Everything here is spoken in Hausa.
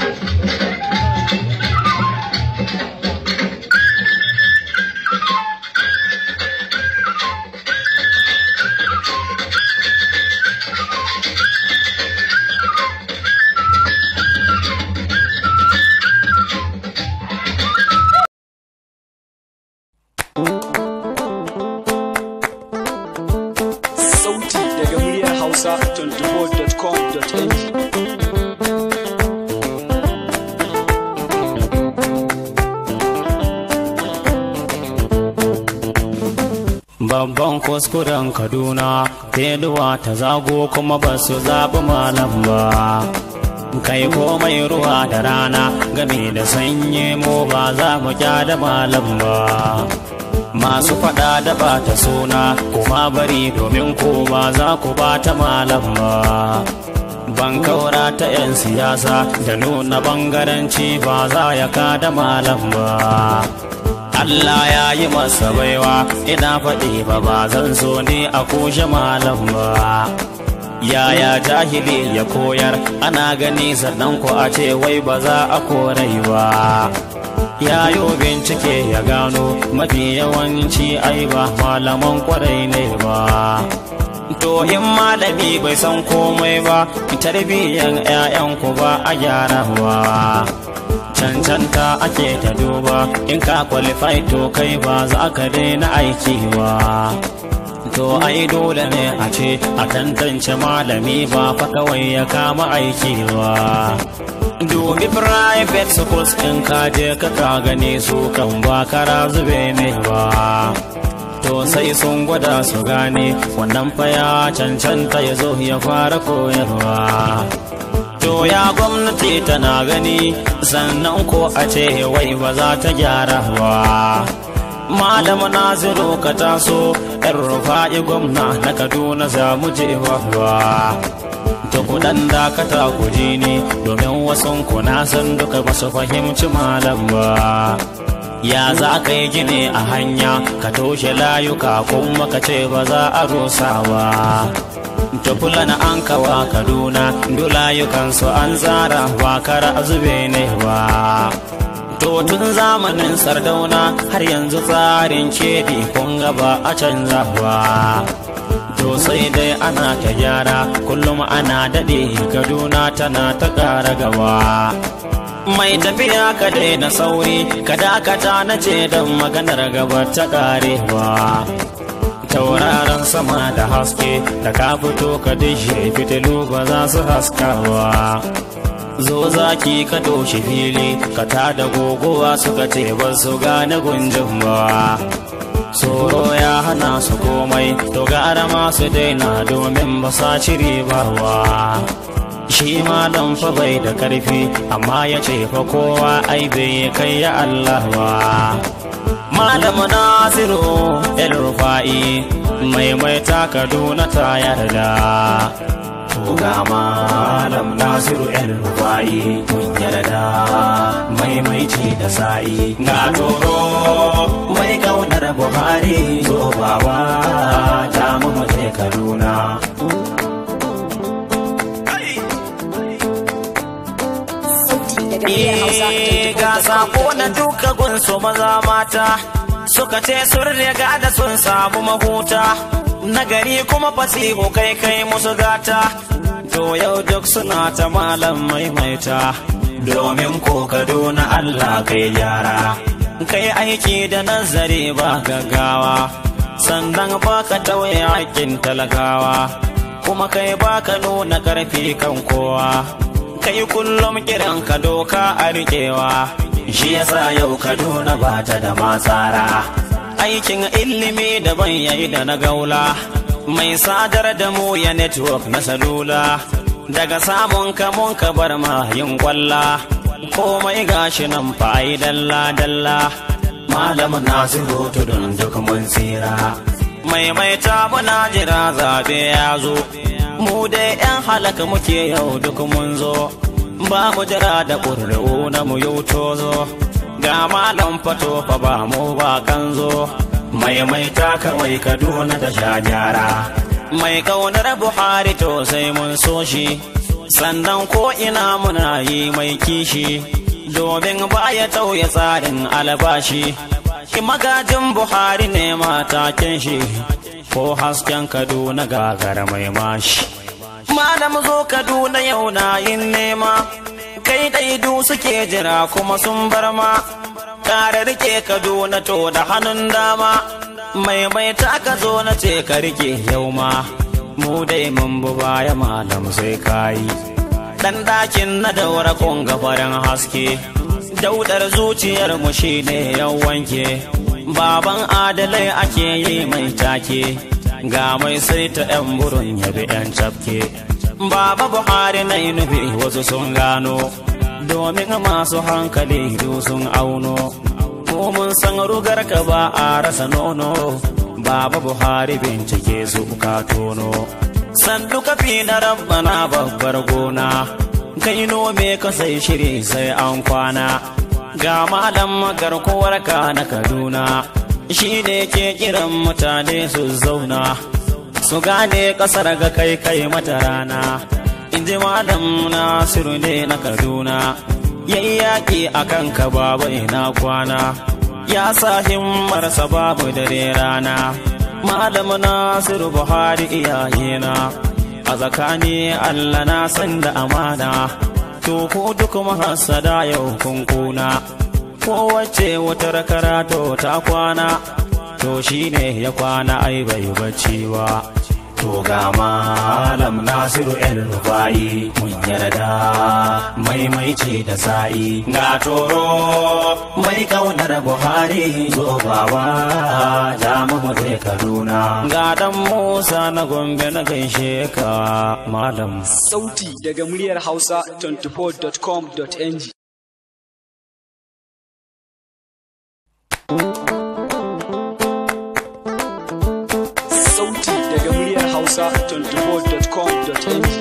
Thank you. babban kuskuren kaduna teluwa ta zago kuma ba su zaɓi malam ba kai komai ruwa da rana game da sanye mu ba za mu da malam ba masu faɗa da ba ta suna kuma bari domin ko ba za ku ba ta malam ba ban kaura ta 'yan siyasa da nuna bangaranci ba za ya da malam ba Allah ya yi masa baiwa ina faɗi ba ba zan so ne a kushe malam ba yaya jahili ya koyar ana gani sannan ku a ce wai ba za a korai ba ya yo bincike ya gano mafi yawanci ai ba malaman kwarai ne ba Tohin malami bai san komai ba tarbiyyar 'ya'yanku ba a gyara ba cancanta ake ta duba in ka qualify to kai ba za ka daina aiki ba to ai dole ne a ce a tantance malami ba fa kawai ya kama aiki ba dubi private schools in ka je ka ta gane su kan ba kara zube ne ba to sai sun gwada su gane wannan faya cancanta ya zo ya fara koyarwa to ya gwamnati tana gani sannan ko a ce wai ba za ta gyara ba malam nasiru ka taso yan rufa'i gwamna na kaduna za mu je wa ta kudan dakata ku ji ne domin wasan ku na san duka ba su fahimci malam ba ya za ka yi gine a hanya ka toshe layuka kuma ka ce ba za a rusawa ba tufula na an kawa kaduna layukansu an zara wa kara zube ne ba to tun zamanin sardauna har yanzu tsarin kebi kun gaba a canza ba to sai dai ana ta gyara kullum ana daɗe kaduna tana ta ƙara gaba mai tafiya ka daina sauri ka dakata na ce don maganar gaba ta karewa tauraron sama da haske da ka fito ka dishe fitilu ba za su haskawa zo zaki ka doshi fili ka tada gogowa suka ce ba su gane gunjin ba tsoro ya hana su komai to gara masu daina domin ba sa ba bawa shi ma fa bai da karfi amma ya ce fa kowa ai bai kai ya Allah ba Malam Nasiru El Rufa'i maimaita Kaduna ta yarda Ga Malam Nasiru El Rufa'i mun yarda maimaici da sa'i na toro mai kaunar Buhari zo bawa ta mu Kaduna Eh, ga sako na duka gunsu maza mata suka ce sun riga da sun samu mahuta nagari kuma fasihu kai kai musu gata to yau duk suna ta malam maimaita domin ko kaduna allah kai gyara kai aiki da nazari ba gaggawa sannan ba ka tauye hakkin talakawa kuma kai ba ka nuna karfi kan kowa kai kullum kiran ka doka a riƙewa shi ya sa yau kaduna ba ta da matsara aikin ilimi daban yayi da na gaula mai sadar da mu ya network na salula daga samun ka mun ka bar ma yin kwalla komai gashi nan fa dalla dalla malamin nasiru don duk mun tsira Mai mai maimaita muna jira zabe ya zo mu da yan halaka muke yau duk mun zo ba mu jira da ƙuri'u na mu yau zo ga malam fato fa ba mu ba kan zo maimaita kawai kaduna da sha gyara mai kaunar buhari to sai mun so shi sannan ko ina muna yi mai kishi domin ba ya tauye tsarin albashi magajin buhari ne matakin shi ko hasken kaduna gagar mai mashi malam zo kaduna yau na yin nema kai daidu suke jira kuma sun bar ma kare rike kaduna to da hannun dama mai mai ka zo na ce ka rike yau ma mu dai mun bu baya malam sai kayi dan dakin na daura kun farin haske daudar zuciyar mu shine yau wanke baban adalai ake yi mai take ga mai sai ta 'yan burin yabi 'yan cafke baba buhari na inubi wasu sun gano domin masu hankali sun auno mun san rugar ka ba a rasa nono baba buhari bincike su ka tono sanduka fi na rabbana babbar gona kai nome ka sai shiri sai an kwana ga malam garkuwar ka na kaduna shi ne ke kiran mutane su zauna su gane kasar ga kai kai mata rana inji malam nasiru ne na kaduna Ya yi yaƙi a kan ka babu ina kwana ya sa himmarsa babu dare rana malam nasiru buhari iyayena a tsakani allah na san da amana to ku duk mahasada yau kun kuna kowace wutar karato ta kwana to shine ya kwana ai bai bacci ba to ga malam nasiru el rufa'i mun yarda maimaici da sa'i na toro mai kaunar buhari zo baba Mutane Kaduna. Ga dan Musa na Gombe na gaishe ka malam. Sauti daga muryar Hausa 24.com.ng. Sauti daga muryar Hausa 24.com.ng.